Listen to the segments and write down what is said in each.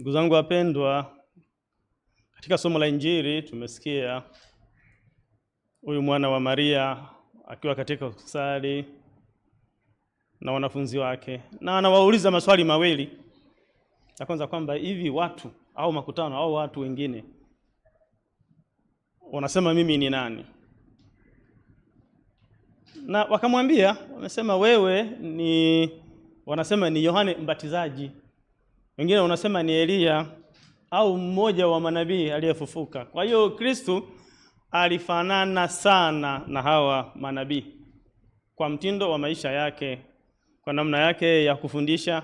Ndugu zangu wapendwa, katika somo la Injili tumesikia huyu mwana wa Maria akiwa katika kusali na wanafunzi wake, na anawauliza maswali mawili. Ya kwanza kwamba hivi watu au makutano au watu wengine wanasema mimi ni nani? Na wakamwambia wamesema, wewe ni wanasema ni Yohane Mbatizaji wengine unasema ni Eliya au mmoja wa manabii aliyefufuka. Kwa hiyo kristu alifanana sana na hawa manabii kwa mtindo wa maisha yake, kwa namna yake ya kufundisha,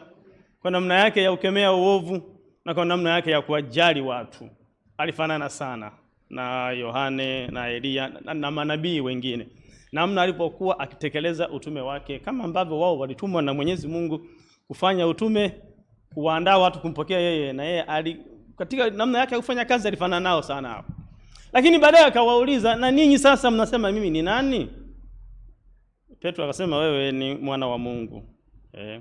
kwa namna yake ya kukemea uovu na kwa namna yake ya kuwajali watu. Alifanana sana na Yohane na Eliya na, na manabii wengine, namna alipokuwa akitekeleza utume wake, kama ambavyo wao walitumwa na Mwenyezi Mungu kufanya utume kuwaandaa watu kumpokea yeye, na yeye ali katika namna yake ya kufanya kazi alifanana nao sana hapo, lakini baadaye akawauliza, na ninyi sasa mnasema mimi ni nani? Petro akasema wewe ni mwana wa Mungu eh.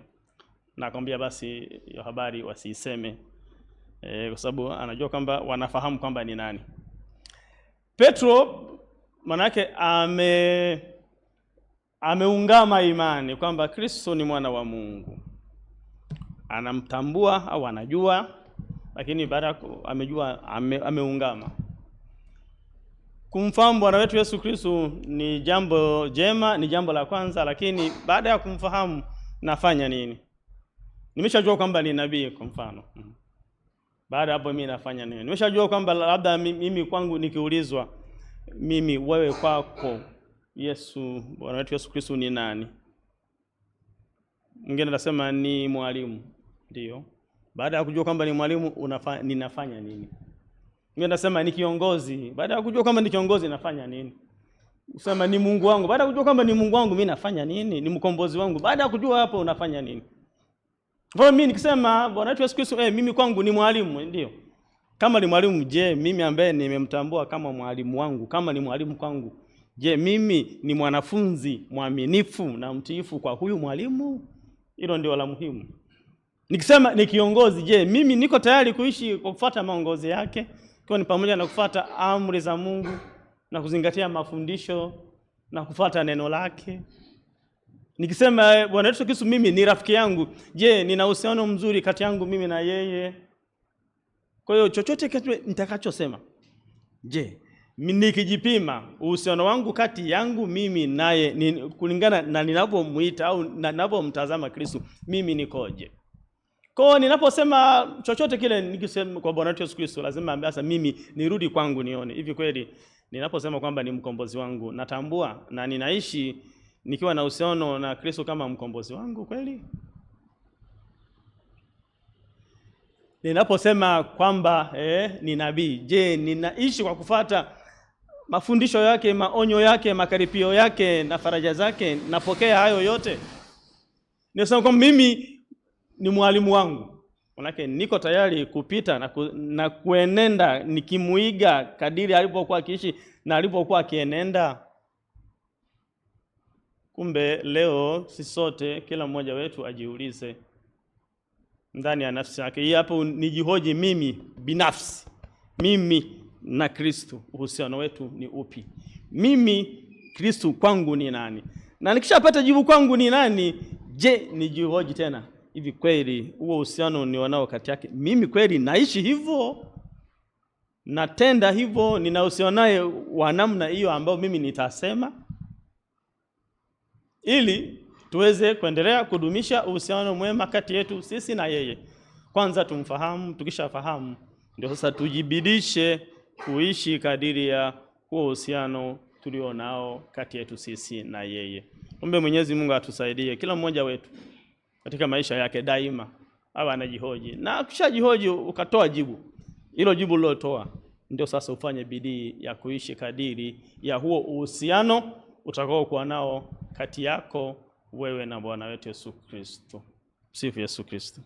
Na akamwambia basi hiyo habari wasiiseme eh, kwa sababu anajua kwamba wanafahamu kwamba ni nani Petro. Manake ame ameungama imani kwamba Kristo ni mwana wa Mungu anamtambua au anajua, lakini baada amejua ame, ameungama. Kumfahamu Bwana wetu Yesu Kristo ni jambo jema, ni jambo la kwanza, lakini baada ya kumfahamu nafanya nini? Nimeshajua kwamba ni nabii kwa mfano. Baada hapo mimi nafanya nini? Nimeshajua kwamba labda mimi kwangu nikiulizwa mimi wewe kwako Yesu Bwana wetu Yesu Kristo ni nani? Mwingine anasema ni mwalimu. Ndio. Baada ya kujua kwamba ni mwalimu unafa, ninafanya nini? Mimi nasema ni kiongozi. Baada ya kujua kwamba ni kiongozi nafanya nini? Usema ni Mungu wangu. Baada ya kujua kwamba ni Mungu wangu mimi nafanya nini? Ni mkombozi wangu. Baada ya kujua hapo unafanya nini? Kwa mimi nikisema Bwana wetu Yesu Kristo, eh, mimi kwangu ni mwalimu, ndio. Kama ni mwalimu, je, mimi ambaye nimemtambua kama mwalimu wangu, kama ni mwalimu kwangu, je, mimi ni mwanafunzi mwaminifu na mtiifu kwa huyu mwalimu? Hilo ndio la muhimu. Nikisema ni kiongozi, je, mimi niko tayari kuishi kwa kufuata maongozi yake, ikiwa ni pamoja na kufuata amri za Mungu na kuzingatia mafundisho na kufuata neno lake? Nikisema eh, Bwana Yesu Kristo mimi ni rafiki yangu, je, nina uhusiano mzuri kati yangu mimi na yeye? Kwa hiyo chochote nitakachosema, je, nikijipima uhusiano wangu kati yangu mimi naye kulingana na ninavyomwita au ninavyomtazama Kristo, mimi nikoje? Kwa ninaposema chochote kile nikisema kwa Bwana wetu Yesu Kristo, lazima sasa mimi nirudi kwangu nione hivi kweli ninaposema kwamba ni mkombozi wangu, natambua na ninaishi nikiwa na uhusiano na Kristo kama mkombozi wangu kweli? Ninaposema kwamba eh, ni nabii, je, ninaishi kwa kufata mafundisho yake, maonyo yake, makaripio yake na faraja zake? Napokea hayo yote? Ninasema kwamba mimi ni mwalimu wangu, manake niko tayari kupita na, ku, na kuenenda nikimuiga kadiri alipokuwa akiishi na alipokuwa akienenda. Kumbe leo si sote, kila mmoja wetu ajiulize ndani ya nafsi yake. Hii hapo nijihoji mimi binafsi, mimi na Kristo, uhusiano wetu ni upi? Mimi Kristo kwangu ni nani? Na nikishapata jibu kwangu ni nani, je, nijihoji tena hivi kweli huo uhusiano ni wanao kati yake? Mimi kweli naishi hivyo, natenda hivyo, ninahusiana naye wa namna hiyo ambayo mimi nitasema, ili tuweze kuendelea kudumisha uhusiano mwema kati yetu sisi na yeye. Kwanza tumfahamu, tukishafahamu ndio sasa tujibidishe kuishi kadiri ya huo uhusiano tulio nao kati yetu sisi na yeye. Ombe Mwenyezi Mungu atusaidie kila mmoja wetu katika maisha yake daima awe anajihoji, na akishajihoji ukatoa jibu, hilo jibu lilotoa ndio sasa ufanye bidii ya kuishi kadiri ya huo uhusiano utakaokuwa nao kati yako wewe na Bwana wetu Yesu Kristo. Sifu Yesu Kristo.